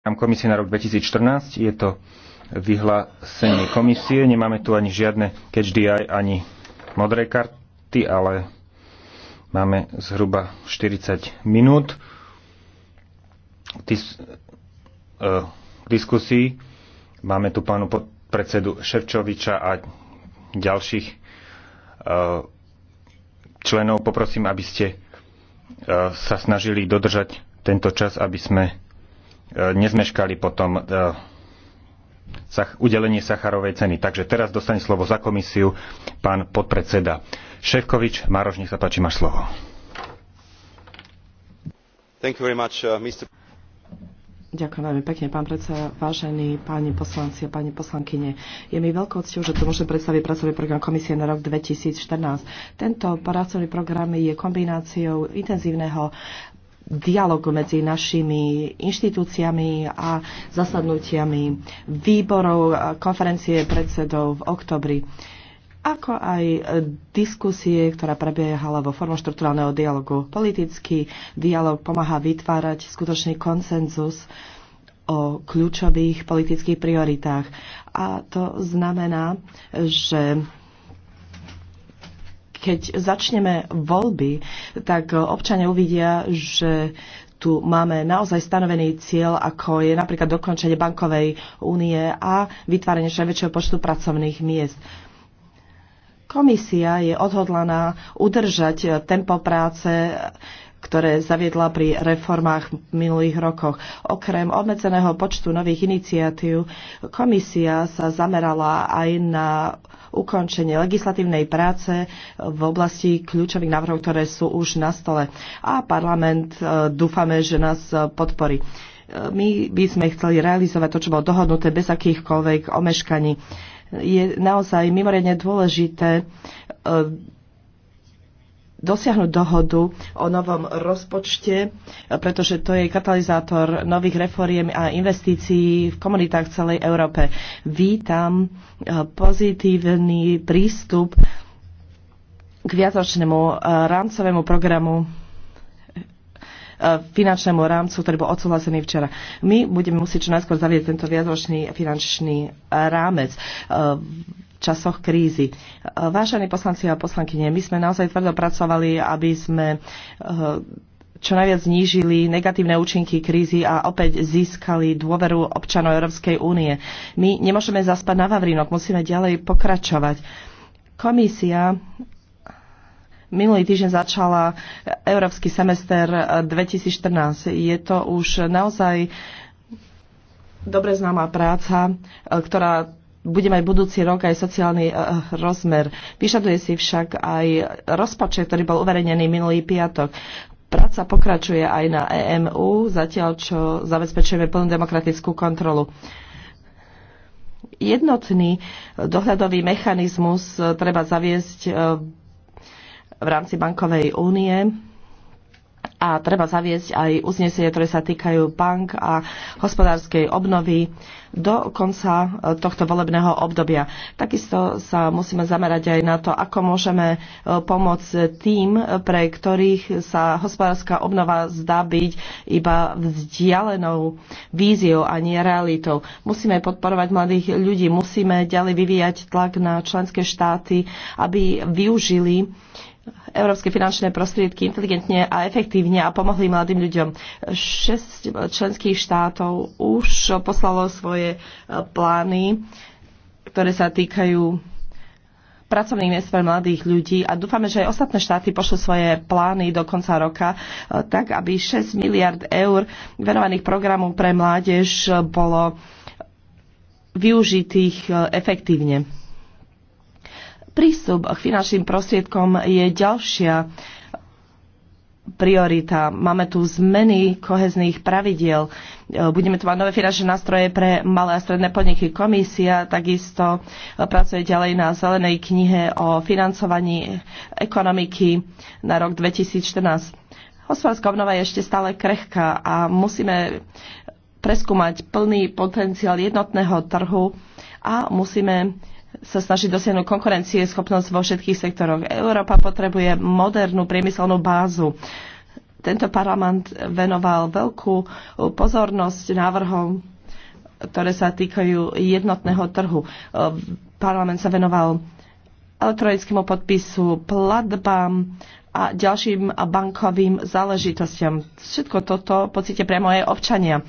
program komisie na rok 2014. Je to vyhlásenie komisie. Nemáme tu ani žiadne catch DI, ani modré karty, ale máme zhruba 40 minút dis- uh, e, diskusii. Máme tu pánu predsedu Ševčoviča a ďalších e, členov. Poprosím, aby ste e, sa snažili dodržať tento čas, aby sme E, nezmeškali potom e, udelenie Sacharovej ceny. Takže teraz dostane slovo za komisiu pán podpredseda Ševkovič. Mároš, nech sa páči, máš slovo. Much, uh, Ďakujem veľmi pekne, pán predseda, vážení páni poslanci a pani poslankyne. Je mi veľkou cťou, že tu môžem predstaviť pracovný program komisie na rok 2014. Tento pracovný program je kombináciou intenzívneho dialog medzi našimi inštitúciami a zasadnutiami výborov konferencie predsedov v oktobri ako aj diskusie, ktorá prebiehala vo formu štruktúralného dialogu. Politický dialog pomáha vytvárať skutočný konsenzus o kľúčových politických prioritách. A to znamená, že keď začneme voľby, tak občania uvidia, že tu máme naozaj stanovený cieľ, ako je napríklad dokončenie bankovej únie a vytvárenie väčšieho počtu pracovných miest. Komisia je odhodlaná udržať tempo práce ktoré zaviedla pri reformách v minulých rokoch. Okrem obmedzeného počtu nových iniciatív, komisia sa zamerala aj na ukončenie legislatívnej práce v oblasti kľúčových návrhov, ktoré sú už na stole. A parlament e, dúfame, že nás podporí. E, my by sme chceli realizovať to, čo bolo dohodnuté bez akýchkoľvek omeškaní. Je naozaj mimoriadne dôležité e, dosiahnuť dohodu o novom rozpočte, pretože to je katalizátor nových reforiem a investícií v komunitách v celej Európe. Vítam e, pozitívny prístup k viacročnému e, rámcovému programu finančnému rámcu, ktorý bol odsúhlasený včera. My budeme musieť čo najskôr zavieť tento viacročný finančný rámec eh, v časoch krízy. Eh, vážení poslanci a poslankyne, my sme naozaj tvrdo pracovali, aby sme eh, čo najviac znížili negatívne účinky krízy a opäť získali dôveru občanov Európskej únie. My nemôžeme zaspať na Vavrinok, musíme ďalej pokračovať. Komisia Minulý týždeň začala Európsky semester 2014. Eh, Je to už naozaj dobre známa práca, eh, ktorá bude mať budúci rok aj sociálny eh, rozmer. Vyšaduje si však aj rozpočet, ktorý bol uverejnený minulý piatok. Práca pokračuje aj na EMU, zatiaľ čo zabezpečujeme plnú demokratickú kontrolu. Jednotný dohľadový mechanizmus treba zaviesť v rámci bankovej únie a treba zaviesť aj uznesenie, ktoré sa týkajú bank a hospodárskej obnovy do konca e, tohto volebného obdobia. Takisto sa musíme zamerať aj na to, ako môžeme e, pomôcť tým, e, pre ktorých sa hospodárska obnova zdá byť iba vzdialenou víziou a nie realitou. Musíme podporovať mladých ľudí, musíme ďalej vyvíjať tlak na členské štáty, aby využili európske finančné prostriedky inteligentne a efektívne a pomohli mladým ľuďom. Šesť členských štátov už poslalo svoje e, plány, ktoré sa týkajú pracovných miest pre mladých ľudí a dúfame, že aj ostatné štáty pošlú svoje plány do konca roka, e, tak aby 6 miliard eur venovaných programov pre mládež bolo využitých e, efektívne. Prístup k finančným prostriedkom je ďalšia priorita. Máme tu zmeny kohezných pravidiel. Budeme tu mať nové finančné nástroje pre malé a stredné podniky. Komisia takisto pracuje ďalej na zelenej knihe o financovaní ekonomiky na rok 2014. Hospodárska obnova je ešte stále krehká a musíme preskúmať plný potenciál jednotného trhu a musíme sa snaží dosiahnuť konkurencie schopnosť vo všetkých sektoroch. Európa potrebuje modernú priemyselnú bázu. Tento parlament venoval veľkú pozornosť návrhom, ktoré sa týkajú jednotného trhu. Parlament sa venoval elektronickému podpisu, platbám a ďalším bankovým záležitostiam. Všetko toto pocite priamo aj občania.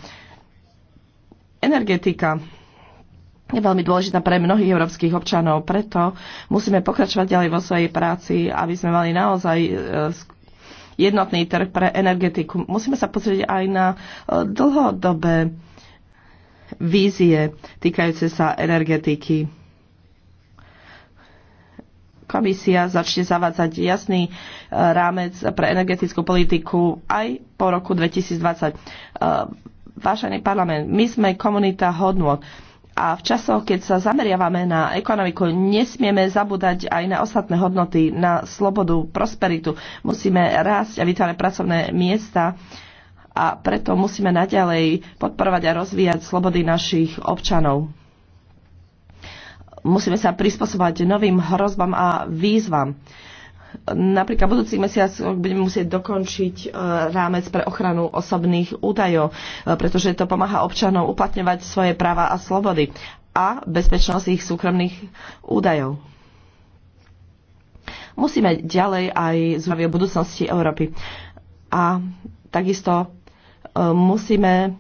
Energetika je veľmi dôležitá pre mnohých európskych občanov. Preto musíme pokračovať ďalej vo svojej práci, aby sme mali naozaj e, jednotný trh pre energetiku. Musíme sa pozrieť aj na e, dlhodobé vízie týkajúce sa energetiky. Komisia začne zavádzať jasný e, rámec pre energetickú politiku aj po roku 2020. Vážený parlament, my sme komunita hodnot a v časoch, keď sa zameriavame na ekonomiku, nesmieme zabúdať aj na ostatné hodnoty, na slobodu, prosperitu. Musíme rásť a vytvárať pracovné miesta a preto musíme naďalej podporovať a rozvíjať slobody našich občanov. Musíme sa prispôsobovať novým hrozbám a výzvam napríklad budúci mesiac budeme musieť dokončiť e, rámec pre ochranu osobných údajov, e, pretože to pomáha občanom uplatňovať svoje práva a slobody a bezpečnosť ich súkromných údajov. Musíme ďalej aj zbaviť o budúcnosti Európy. A takisto e, musíme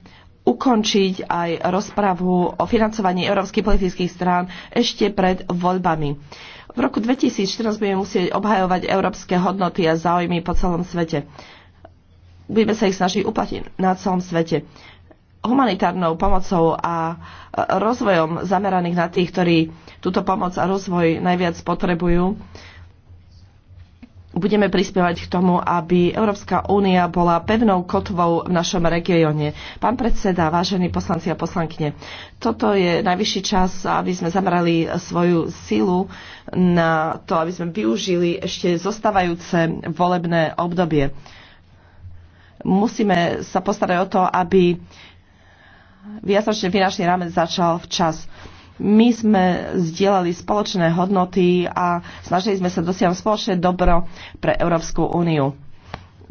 ukončiť aj rozpravu o financovaní európskych politických strán ešte pred voľbami. V roku 2014 budeme musieť obhajovať európske hodnoty a záujmy po celom svete. Budeme sa ich snažiť uplatiť na celom svete. Humanitárnou pomocou a rozvojom zameraných na tých, ktorí túto pomoc a rozvoj najviac potrebujú, budeme prispievať k tomu, aby Európska únia bola pevnou kotvou v našom regióne. Pán predseda, vážení poslanci a poslankyne, toto je najvyšší čas, aby sme zamerali svoju silu na to, aby sme využili ešte zostávajúce volebné obdobie. Musíme sa postarať o to, aby viacročný finančný rámec začal včas. My sme zdieľali spoločné hodnoty a snažili sme sa dosiahnuť spoločné dobro pre Európsku úniu.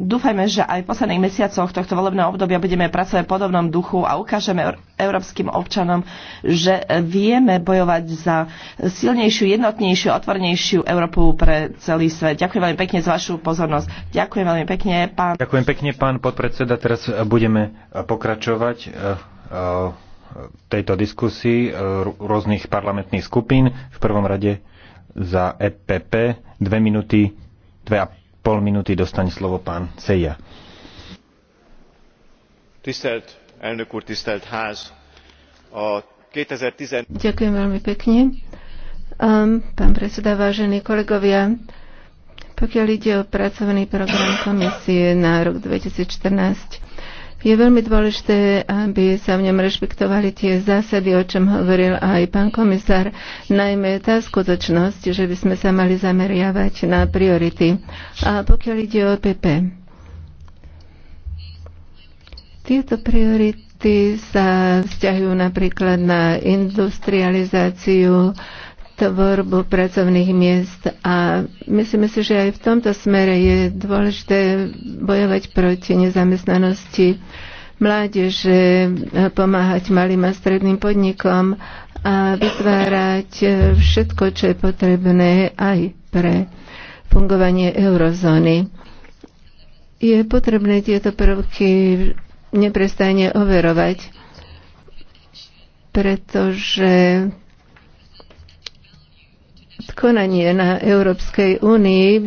Dúfajme, že aj v posledných mesiacoch tohto volebného obdobia budeme pracovať v podobnom duchu a ukážeme európskym občanom, že vieme bojovať za silnejšiu, jednotnejšiu, otvornejšiu Európu pre celý svet. Ďakujem veľmi pekne za vašu pozornosť. Ďakujem veľmi pekne, pán. Ďakujem pekne, pán podpredseda. Teraz budeme pokračovať. Eh, eh, tejto diskusii e, rôznych parlamentných skupín. V prvom rade za EPP dve minúty, dve a pol minúty dostane slovo pán Seja. Ďakujem veľmi pekne. Um, pán predseda, vážení kolegovia, pokiaľ ide o pracovný program komisie na rok 2014, je veľmi dôležité, aby sa v ňom rešpektovali tie zásady, o čom hovoril aj pán komisár, najmä tá skutočnosť, že by sme sa mali zameriavať na priority. A pokiaľ ide o PP, tieto priority sa vzťahujú napríklad na industrializáciu, tvorbu pracovných miest a myslíme si, že aj v tomto smere je dôležité bojovať proti nezamestnanosti mládeže, pomáhať malým a stredným podnikom a vytvárať všetko, čo je potrebné aj pre fungovanie eurozóny. Je potrebné tieto prvky neprestajne overovať, pretože konanie na Európskej únii e,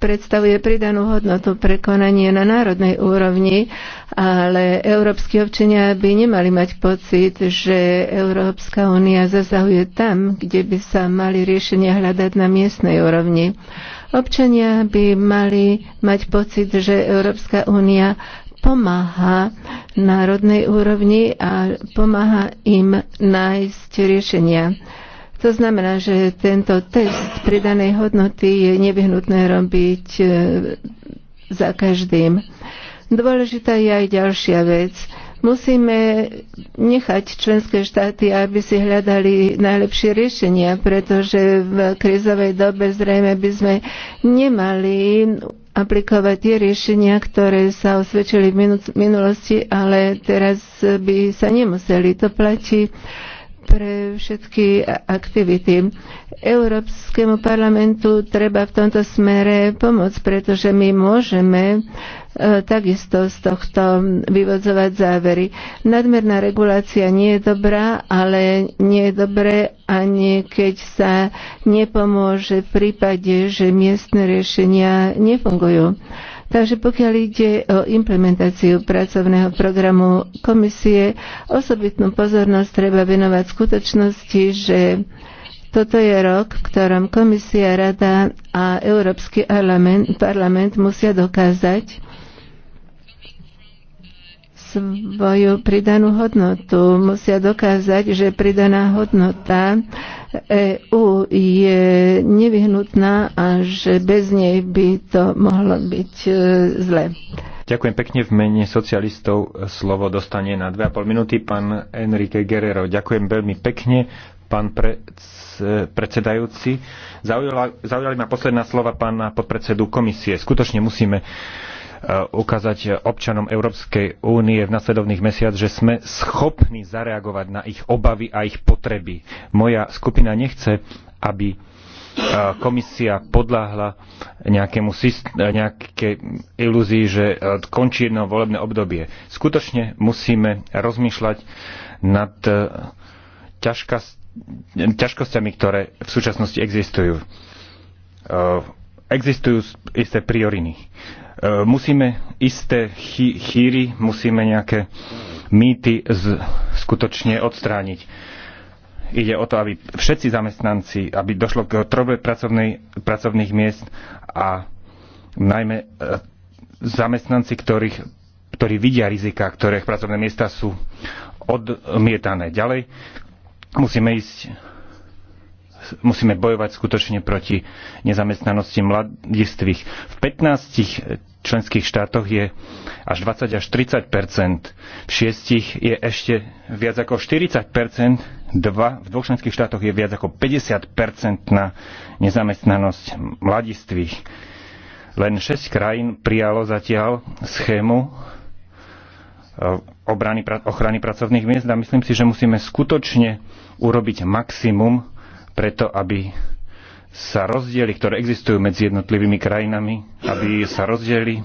predstavuje pridanú hodnotu pre konanie na národnej úrovni, ale európsky občania by nemali mať pocit, že Európska únia zasahuje tam, kde by sa mali riešenia hľadať na miestnej úrovni. Občania by mali mať pocit, že Európska únia pomáha národnej úrovni a pomáha im nájsť riešenia. To znamená, že tento test pridanej hodnoty je nevyhnutné robiť e, za každým. Dôležitá je aj ďalšia vec. Musíme nechať členské štáty, aby si hľadali najlepšie riešenia, pretože v krizovej dobe zrejme by sme nemali aplikovať tie riešenia, ktoré sa osvedčili v minulosti, ale teraz by sa nemuseli. To platí pre všetky aktivity. Európskemu parlamentu treba v tomto smere pomôcť, pretože my môžeme e, takisto z tohto vyvodzovať závery. Nadmerná regulácia nie je dobrá, ale nie je dobré ani keď sa nepomôže v prípade, že miestne riešenia nefungujú. Takže pokiaľ ide o implementáciu pracovného programu komisie, osobitnú pozornosť treba venovať skutočnosti, že toto je rok, v ktorom komisia, rada a Európsky parlament, parlament musia dokázať, svoju pridanú hodnotu. Musia dokázať, že pridaná hodnota EU je nevyhnutná a že bez nej by to mohlo byť e, zle. Ďakujem pekne v mene socialistov. Slovo dostane na 2,5 minúty pán Enrique Guerrero. Ďakujem veľmi pekne pán pre, predsedajúci. Zaujala, zaujali ma posledná slova pána podpredsedu komisie. Skutočne musíme E, ukázať občanom Európskej únie v nasledovných mesiacoch, že sme schopní zareagovať na ich obavy a ich potreby. Moja skupina nechce, aby e, komisia podláhla nejakému e, nejaké ilúzii, že končí jedno volebné obdobie. Skutočne musíme rozmýšľať nad ťažká, ťažkosťami, ktoré v súčasnosti existujú. Existujú isté prioriny. E, musíme isté chýry, musíme nejaké mýty z, skutočne odstrániť. Ide o to, aby všetci zamestnanci, aby došlo k trobe pracovných miest a najmä e, zamestnanci, ktorých, ktorí vidia rizika, ktorých pracovné miesta sú odmietané. Ďalej musíme ísť musíme bojovať skutočne proti nezamestnanosti mladistvých. V 15 členských štátoch je až 20 až 30 v šiestich je ešte viac ako 40 dva, v dvoch členských štátoch je viac ako 50 na nezamestnanosť mladistvých. Len 6 krajín prijalo zatiaľ schému eh, obrany, ochrany pracovných miest a myslím si, že musíme skutočne urobiť maximum preto, aby sa rozdiely, ktoré existujú medzi jednotlivými krajinami, aby sa rozdiely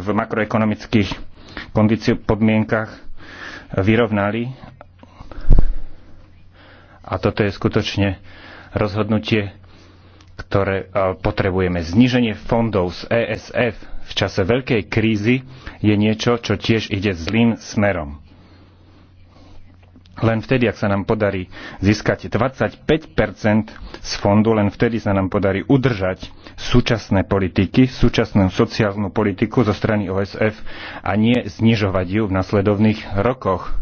v makroekonomických kondíciách, podmienkach vyrovnali. A toto je skutočne rozhodnutie, ktoré potrebujeme. Zníženie fondov z ESF v čase veľkej krízy je niečo, čo tiež ide zlým smerom len vtedy, ak sa nám podarí získať 25 z fondu, len vtedy sa nám podarí udržať súčasné politiky, súčasnú sociálnu politiku zo strany OSF a nie znižovať ju v nasledovných rokoch,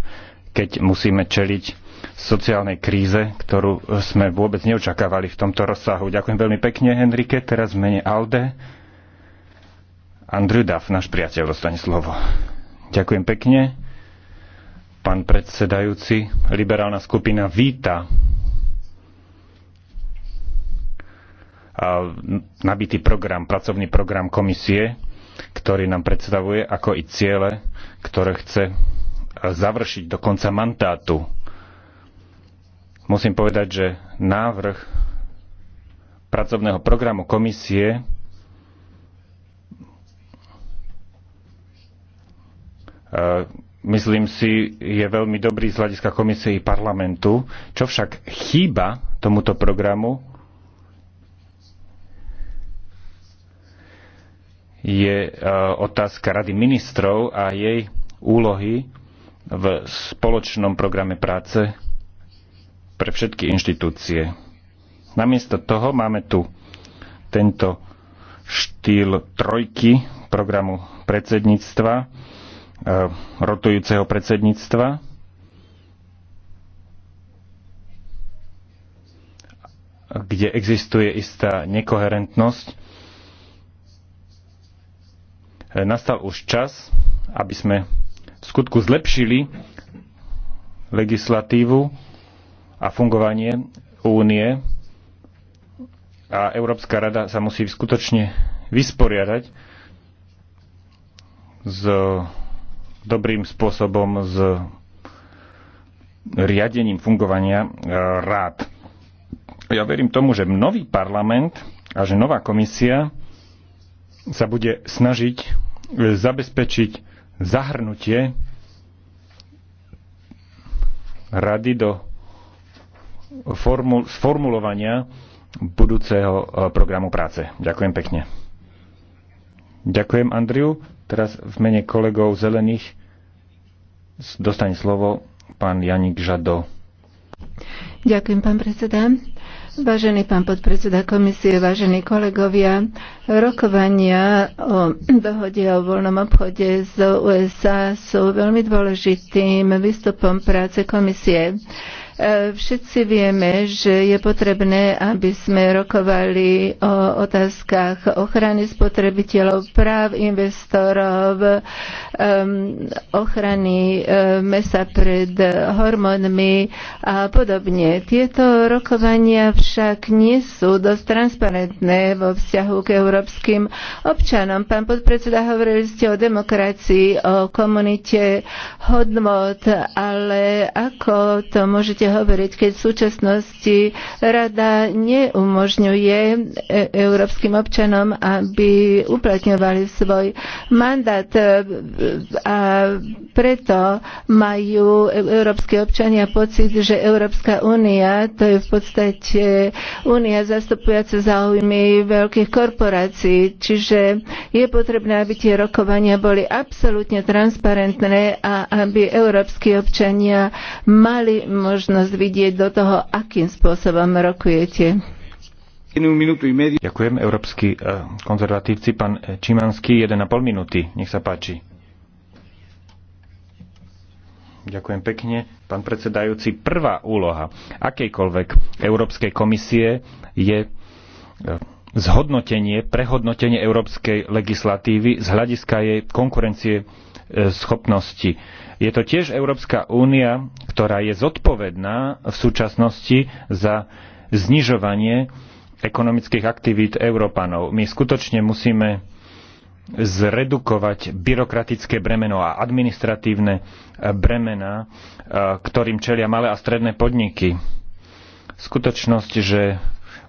keď musíme čeliť sociálnej kríze, ktorú sme vôbec neočakávali v tomto rozsahu. Ďakujem veľmi pekne, Henrike. Teraz v mene Alde. Andrew Duff, náš priateľ, dostane slovo. Ďakujem pekne Pán predsedajúci, liberálna skupina víta nabitý program, pracovný program komisie, ktorý nám predstavuje, ako i ciele, ktoré chce završiť do konca mandátu. Musím povedať, že návrh pracovného programu komisie myslím si, je veľmi dobrý z hľadiska komisie i parlamentu. Čo však chýba tomuto programu, je e, otázka Rady ministrov a jej úlohy v spoločnom programe práce pre všetky inštitúcie. Namiesto toho máme tu tento štýl trojky programu predsedníctva, Eh, rotujúceho predsedníctva. kde existuje istá nekoherentnosť. Eh, nastal už čas, aby sme v skutku zlepšili legislatívu a fungovanie únie a Európska rada sa musí skutočne vysporiadať s dobrým spôsobom s riadením fungovania e, rád. Ja verím tomu, že nový parlament a že nová komisia sa bude snažiť e, zabezpečiť zahrnutie rady do formu- sformulovania budúceho e, programu práce. Ďakujem pekne. Ďakujem, Andriu. Teraz v mene kolegov zelených dostane slovo pán Janik Žado. Ďakujem, pán predseda. Vážený pán podpredseda komisie, vážení kolegovia, rokovania o dohode o voľnom obchode z USA sú veľmi dôležitým výstupom práce komisie. E, všetci vieme, že je potrebné, aby sme rokovali o otázkach ochrany spotrebiteľov, práv investorov, ochrany e, mesa pred hormónmi a podobne. Tieto rokovania však nie sú dosť transparentné vo vzťahu k európskym občanom. Pán podpredseda, hovorili ste o demokracii, o komunite hodnot, ale ako to môžete budete hovoriť, keď v súčasnosti rada neumožňuje e, európskym občanom, aby uplatňovali svoj mandát e, a preto majú európske občania pocit, že Európska únia to je v podstate únia zastupujúca záujmy veľkých korporácií, čiže je potrebné, aby tie rokovania boli absolútne transparentné a aby európsky občania mali možnosť možnosť vidieť do toho, akým spôsobom rokujete. Ďakujem, európsky eh, konzervatívci. Pán eh, Čimanský, 1,5 minúty. Nech sa páči. Ďakujem pekne. Pán predsedajúci, prvá úloha akejkoľvek Európskej komisie je eh, zhodnotenie, prehodnotenie európskej legislatívy z hľadiska jej konkurencie E, schopnosti. Je to tiež Európska únia, ktorá je zodpovedná v súčasnosti za znižovanie ekonomických aktivít Európanov. My skutočne musíme zredukovať byrokratické bremeno a administratívne bremena, e, ktorým čelia malé a stredné podniky. Skutočnosť, že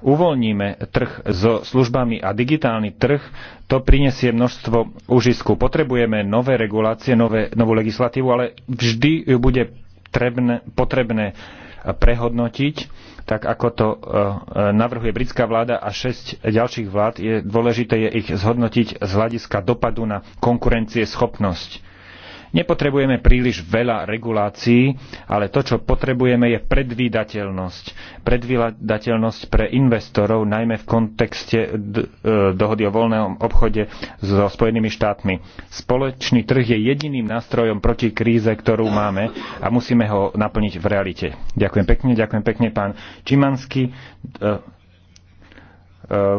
uvoľníme trh so službami a digitálny trh, to prinesie množstvo úžisku. Potrebujeme nové regulácie, nové, novú legislatívu, ale vždy ju bude trebne, potrebné e, prehodnotiť, tak ako to e, e, navrhuje britská vláda a šesť ďalších vlád, je dôležité je ich zhodnotiť z hľadiska dopadu na konkurencie schopnosť Nepotrebujeme príliš veľa regulácií, ale to, čo potrebujeme, je predvídateľnosť. Predvídateľnosť pre investorov, najmä v kontexte e, dohody o voľnom obchode so Spojenými štátmi. Spoločný trh je jediným nástrojom proti kríze, ktorú máme a musíme ho naplniť v realite. Ďakujem pekne, ďakujem pekne pán Čimanský e, e,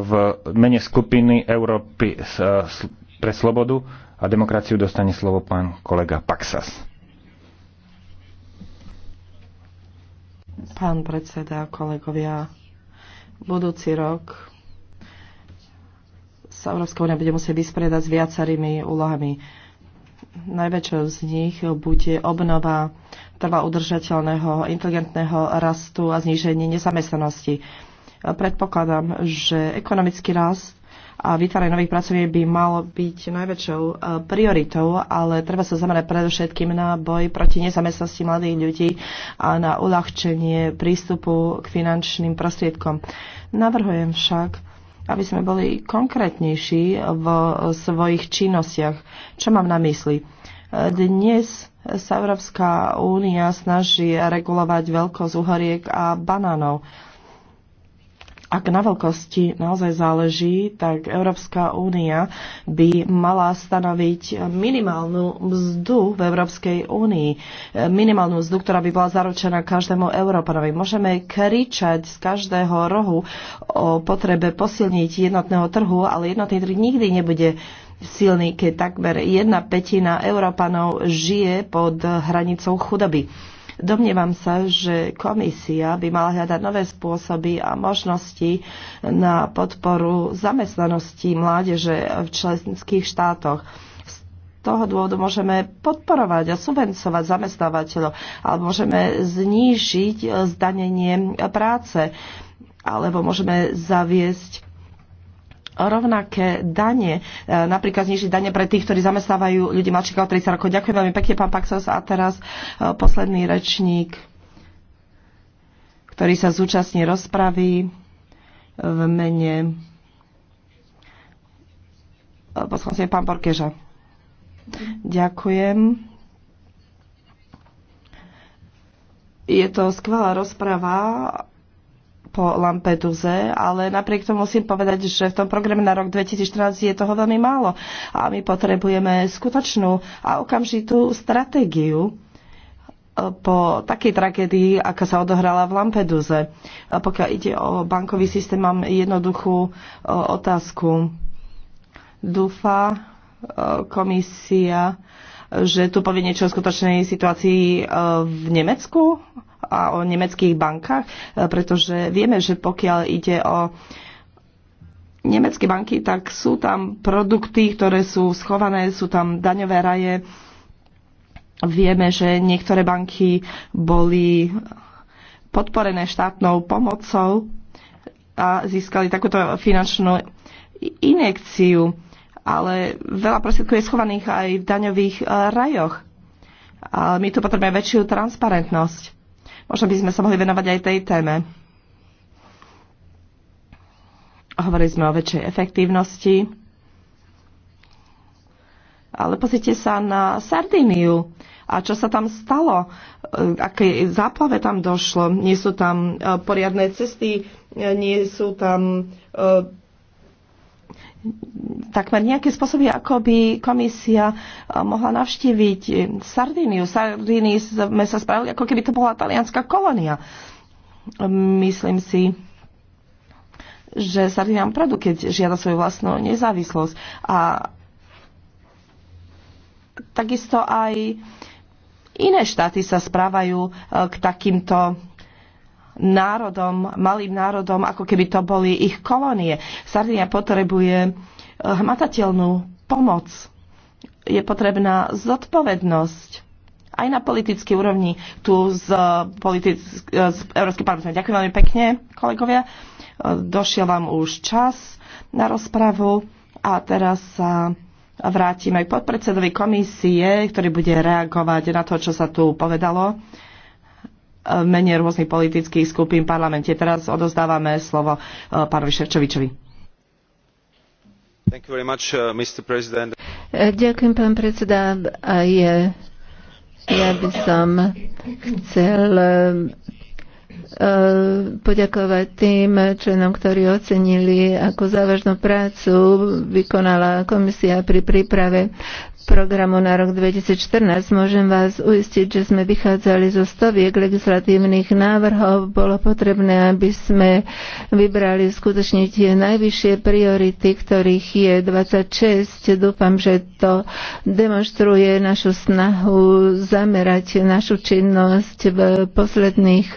v mene skupiny Európy pre slobodu a demokraciu dostane slovo pán kolega Paxas. Pán predseda, kolegovia, budúci rok sa Európska únia bude musieť vyspredať s viacerými úlohami. Najväčšou z nich bude obnova trva udržateľného, inteligentného rastu a zníženie nezamestnanosti. Predpokladám, že ekonomický rast a vytváranie nových pracovník by malo byť najväčšou e, prioritou, ale treba sa zamerať predovšetkým na boj proti nezamestnosti mladých ľudí a na uľahčenie prístupu k finančným prostriedkom. Navrhujem však, aby sme boli konkrétnejší v svojich činnostiach. Čo mám na mysli? E, dnes sa Európska únia snaží regulovať veľkosť uhoriek a banánov ak na veľkosti naozaj záleží, tak Európska únia by mala stanoviť minimálnu mzdu v Európskej únii. Minimálnu mzdu, ktorá by bola zaručená každému Európanovi. Môžeme kričať z každého rohu o potrebe posilniť jednotného trhu, ale jednotný trh nikdy nebude silný, keď takmer jedna petina Európanov žije pod hranicou chudoby Domnievam sa, že komisia by mala hľadať nové spôsoby a možnosti na podporu zamestnanosti mládeže v členských štátoch Z toho dôvodu môžeme podporovať a subvencovať zamestnávateľov, alebo môžeme znížiť zdanenie práce, alebo môžeme zaviesť rovnaké dane, e, napríklad znižiť dane pre tých, ktorí zamestnávajú ľudí mladších od 30 rokov. Ďakujem veľmi pekne, pán Paxos. A teraz e, posledný rečník, ktorý sa zúčastní rozpravy v mene e, poslancem pán Borkeža. Ďakujem. Je to skvelá rozprava po Lampeduze, ale napriek tomu musím povedať, že v tom programe na rok 2014 je toho veľmi málo a my potrebujeme skutočnú a okamžitú stratégiu e, po takej tragédii, aká sa odohrala v Lampeduze. A pokiaľ ide o bankový systém, mám jednoduchú e, otázku. Dúfa e, komisia, že tu povie niečo o skutočnej situácii v Nemecku? a o nemeckých bankách, e, pretože vieme, že pokiaľ ide o nemecké banky, tak sú tam produkty, ktoré sú schované, sú tam daňové raje. Vieme, že niektoré banky boli podporené štátnou pomocou a získali takúto finančnú injekciu, ale veľa prostriedkov je schovaných aj v daňových e, rajoch. A my tu potrebujeme väčšiu transparentnosť. Možno by sme sa mohli venovať aj tej téme. Hovorili sme o väčšej efektívnosti. Ale pozrite sa na Sardíniu a čo sa tam stalo, eh, aké záplave tam došlo. Nie sú tam eh, poriadne cesty, eh, nie sú tam takmer nejaké spôsoby, ako by komisia eh, mohla navštíviť Sardíniu. Sardínii sme sa spravili, ako keby to bola talianská kolónia. Myslím si, že Sardínia má pravdu, keď žiada svoju vlastnú nezávislosť. A takisto aj iné štáty sa správajú eh, k takýmto národom, malým národom, ako keby to boli ich kolónie. Sardinia potrebuje eh, hmatateľnú pomoc. Je potrebná zodpovednosť aj na politickej úrovni tu z, politick- eh, z Európskej parlamentu. Ďakujem veľmi pekne, kolegovia. Eh, došiel vám už čas na rozpravu a teraz sa vrátime k podpredsedovi komisie, ktorý bude reagovať na to, čo sa tu povedalo v mene rôznych politických skupín v parlamente. Teraz odozdávame slovo e, pánovi Ševčovičovi. Much, uh, e, Ďakujem, pán predseda. A ja by som chcel e, poďakovať tým členom, ktorí ocenili, ako závažnú prácu vykonala komisia pri príprave programu na rok 2014. Môžem vás uistiť, že sme vychádzali zo stoviek legislatívnych návrhov. Bolo potrebné, aby sme vybrali skutočne tie najvyššie priority, ktorých je 26. Dúfam, že to demonstruje našu snahu zamerať našu činnosť v posledných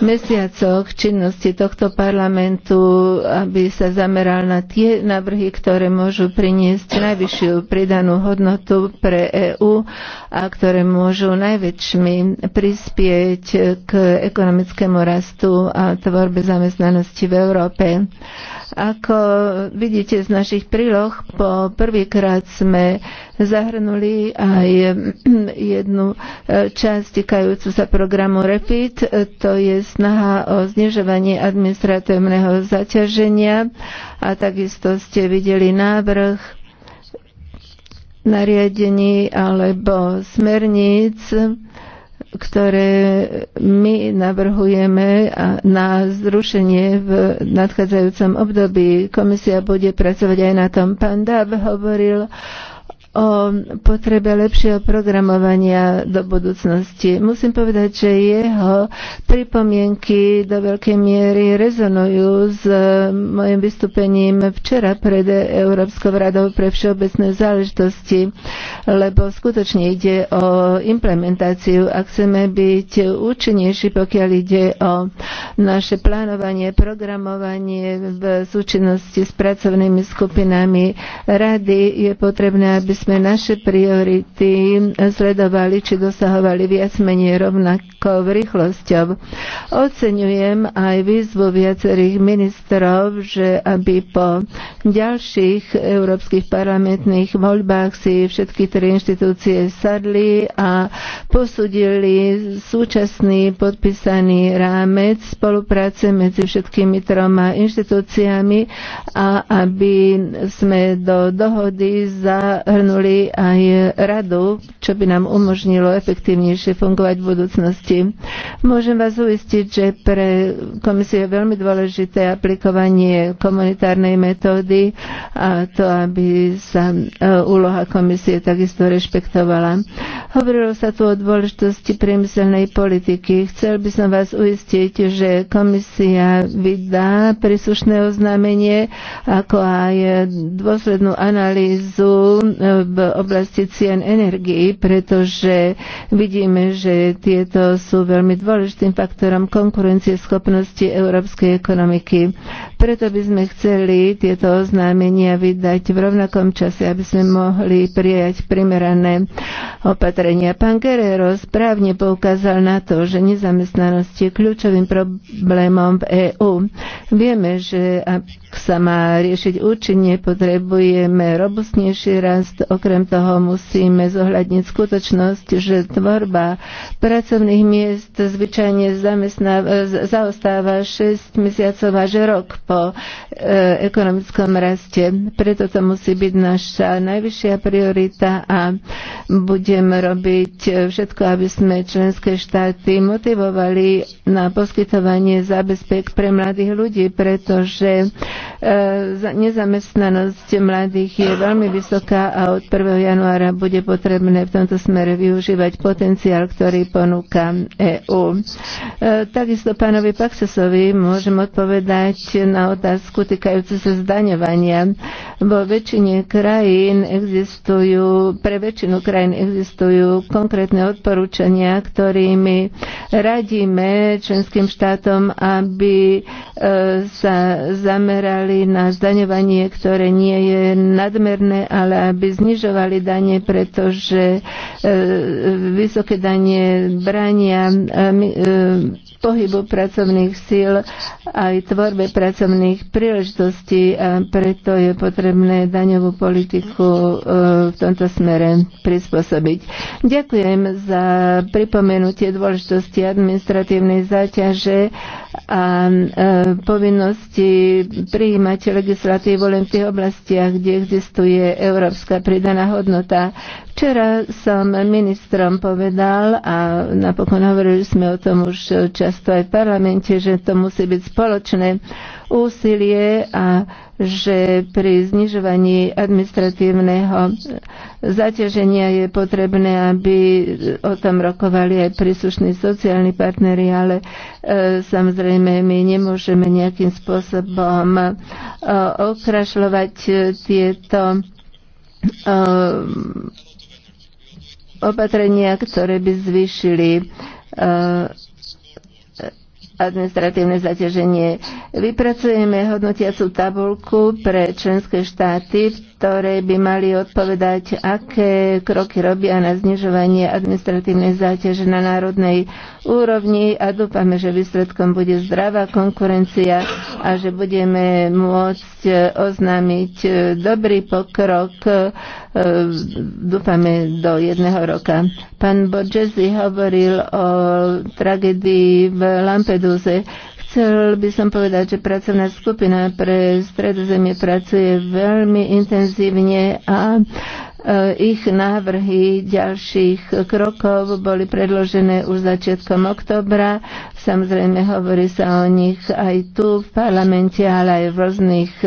mesiacoch činnosti tohto parlamentu, aby sa zameral na tie návrhy, ktoré môžu priniesť najvyššiu pridanú hodnotu hodnotu pre EÚ a ktoré môžu najväčšmi prispieť k ekonomickému rastu a tvorbe zamestnanosti v Európe. Ako vidíte z našich príloh, po prvýkrát sme zahrnuli aj jednu e, časť týkajúcu sa programu REPIT, to je snaha o znižovanie administratívneho zaťaženia a takisto ste videli návrh nariadení alebo smerníc, ktoré my navrhujeme na zrušenie v nadchádzajúcom období. Komisia bude pracovať aj na tom. Pán Dab hovoril o potrebe lepšieho programovania do budúcnosti. Musím povedať, že jeho pripomienky do veľkej miery rezonujú s mojim vystúpením včera pred Európskou radou pre všeobecné záležitosti, lebo skutočne ide o implementáciu. a chceme byť účinnejší, pokiaľ ide o naše plánovanie, programovanie v súčinnosti s pracovnými skupinami rady, je potrebné, aby sme naše priority sledovali, či dosahovali viac menej rovnakou rýchlosťou. Oceňujem aj výzvu viacerých ministrov, že aby po ďalších európskych parlamentných voľbách si všetky tri inštitúcie sadli a posudili súčasný podpísaný rámec spolupráce medzi všetkými troma inštitúciami a aby sme do dohody zahrnuli spomenuli aj radu, čo by nám umožnilo efektívnejšie fungovať v budúcnosti. Môžem vás uistiť, že pre komisiu je veľmi dôležité aplikovanie komunitárnej metódy a to, aby sa e, úloha komisie takisto rešpektovala. Hovorilo sa tu o dôležitosti priemyselnej politiky. Chcel by som vás uistiť, že komisia vydá príslušné oznámenie, ako aj dôslednú analýzu e, v oblasti cien energií, pretože vidíme, že tieto sú veľmi dôležitým faktorom konkurencieschopnosti európskej ekonomiky. Preto by sme chceli tieto oznámenia vydať v rovnakom čase, aby sme mohli prijať primerané opatrenia. Pán Guerrero správne poukázal na to, že nezamestnanosť je kľúčovým problémom v EÚ. Vieme, že ak sa má riešiť účinne, potrebujeme robustnejší rast, Okrem toho musíme zohľadniť skutočnosť, že tvorba pracovných miest zvyčajne e, zaostáva 6 mesiacov až rok po e, ekonomickom raste. Preto to musí byť naša najvyššia priorita a budem robiť všetko, aby sme členské štáty motivovali na poskytovanie zabezpek pre mladých ľudí, pretože e, nezamestnanosť mladých je veľmi vysoká a od od 1. januára bude potrebné v tomto smere využívať potenciál, ktorý ponúka EÚ. E, takisto pánovi Paksasovi môžem odpovedať na otázku týkajúcu sa zdaňovania. Vo väčšine krajín existujú, pre väčšinu krajín existujú konkrétne odporúčania, ktorými radíme členským štátom, aby e, sa zamerali na zdaňovanie, ktoré nie je nadmerné, ale aby znižovali dane, pretože e, vysoké dane bránia e, e, pohybu pracovných síl aj tvorbe pracovných príležitostí a preto je potrebné daňovú politiku v tomto smere prispôsobiť. Ďakujem za pripomenutie dôležitosti administratívnej záťaže a povinnosti prijímať legislatívu len v tých oblastiach, kde existuje európska pridaná hodnota. Včera som ministrom povedal a napokon hovorili sme o tom už často aj v parlamente, že to musí byť spoločné úsilie a že pri znižovaní administratívneho zaťaženia je potrebné, aby o tom rokovali aj príslušní sociálni partnery, ale e, samozrejme my nemôžeme nejakým spôsobom e, okrašľovať e, tieto Ehm, opatrenia, ktoré by zvýšili ehm, administratívne zaťaženie. Vypracujeme hodnotiacu tabulku pre členské štáty v ktoré by mali odpovedať, aké kroky robia na znižovanie administratívnej záťaže na národnej úrovni a dúfame, že výsledkom bude zdravá konkurencia a že budeme môcť oznámiť dobrý pokrok, e, dúfame, do jedného roka. Pán Borgesi hovoril o tragédii v Lampeduse. Chcel by som povedať, že pracovná skupina pre stredozemie pracuje veľmi intenzívne a e, ich návrhy ďalších krokov boli predložené už začiatkom oktobra Samozrejme, hovorí sa o nich aj tu v parlamente, ale aj v rôznych e,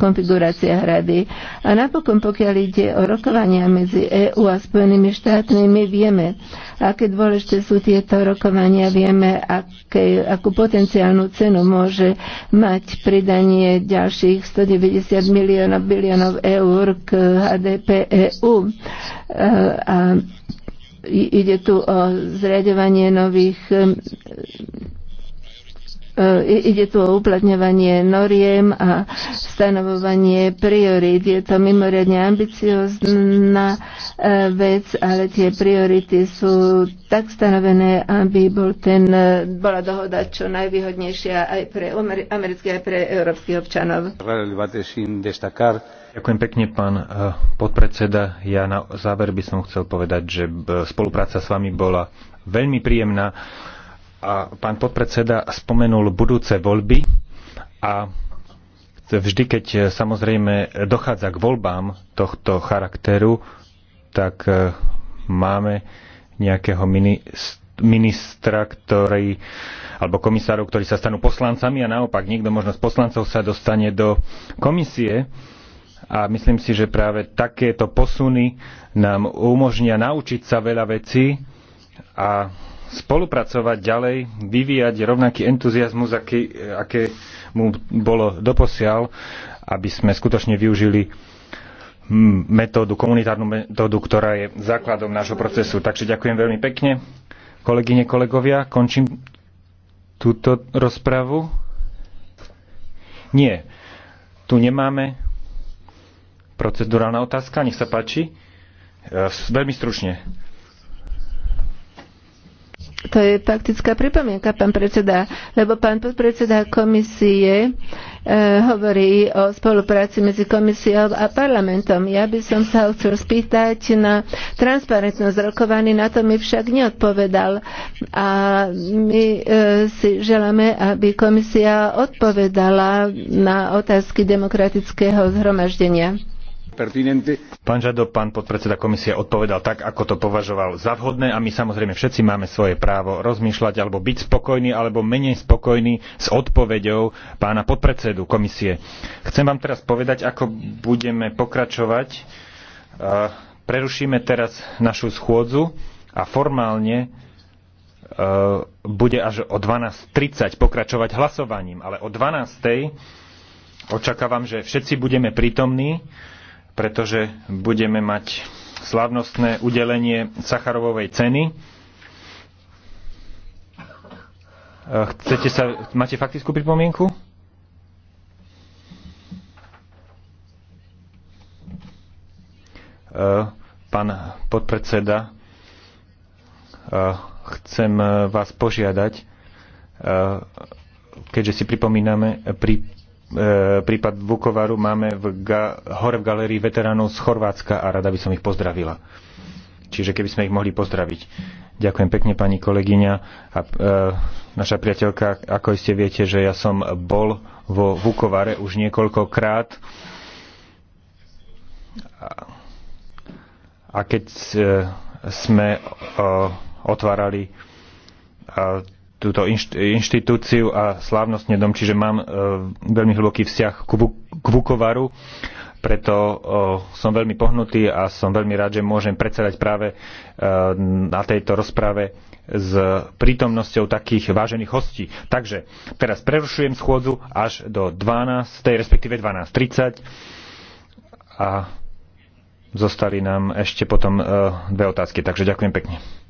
konfiguráciách rady. A napokon, pokiaľ ide o rokovania medzi EÚ a Spojenými štátmi, my vieme, aké dôležité sú tieto rokovania, vieme, aké, akú potenciálnu cenu môže mať pridanie ďalších 190 miliónov biliónov eur k HDP EÚ. E, a, a ide tu o zriadovanie nových e, Ide tu o uplatňovanie noriem a stanovovanie priorít. Je to mimoriadne ambiciozná e, vec, ale tie priority sú tak stanovené, aby bol ten, e, bola dohoda čo najvýhodnejšia aj pre amerických, aj pre európskych občanov. Ďakujem pekne, pán eh, podpredseda. Ja na záver by som chcel povedať, že spolupráca s vami bola veľmi príjemná a pán podpredseda spomenul budúce voľby a vždy, keď eh, samozrejme dochádza k voľbám tohto charakteru, tak eh, máme nejakého ministra, ktorý, alebo komisárov, ktorí sa stanú poslancami a naopak niekto možno z poslancov sa dostane do komisie a myslím si, že práve takéto posuny nám umožnia naučiť sa veľa vecí a spolupracovať ďalej, vyvíjať rovnaký entuziasmus, aký, aké mu bolo doposiaľ, aby sme skutočne využili metódu, komunitárnu metódu, ktorá je základom nášho procesu. Takže ďakujem veľmi pekne, kolegyne, kolegovia. Končím túto rozpravu. Nie, tu nemáme Procedurálna otázka, nech sa páči. E, veľmi stručne. To je faktická pripomienka, pán predseda, lebo pán podpredseda komisie e, hovorí o spolupráci medzi komisiou a parlamentom. Ja by som sa chcel spýtať na transparentnosť rokovaní, na to mi však neodpovedal. A my e, si želáme, aby komisia odpovedala na otázky demokratického zhromaždenia. Pán Žado, pán podpredseda komisie odpovedal tak, ako to považoval za vhodné a my samozrejme všetci máme svoje právo rozmýšľať alebo byť spokojní alebo menej spokojní s odpoveďou pána podpredsedu komisie. Chcem vám teraz povedať, ako budeme pokračovať. E, prerušíme teraz našu schôdzu a formálne e, bude až o 12.30 pokračovať hlasovaním, ale o 12.00 očakávam, že všetci budeme prítomní pretože budeme mať slávnostné udelenie Sacharovovej ceny. E, chcete sa, máte faktickú pripomienku? E, pán podpredseda, e, chcem vás požiadať, keďže si pripomíname, pri E, prípad Vukovaru máme v ga- hore v galerii veteránov z Chorvátska a rada by som ich pozdravila. Čiže keby sme ich mohli pozdraviť. Ďakujem pekne, pani kolegyňa a e, naša priateľka, ako iste viete, že ja som bol vo Vukovare už niekoľkokrát. A, keď e, sme e, otvárali e, túto inš, inštitúciu a slávnostne dom, čiže mám e, veľmi hlboký vzťah k, k Vukovaru, preto e, som veľmi pohnutý a som veľmi rád, že môžem predsedať práve e, na tejto rozprave s prítomnosťou takých vážených hostí. Takže teraz prerušujem schôdzu až do 12, respektíve 12.30 a zostali nám ešte potom e, dve otázky. Takže ďakujem pekne.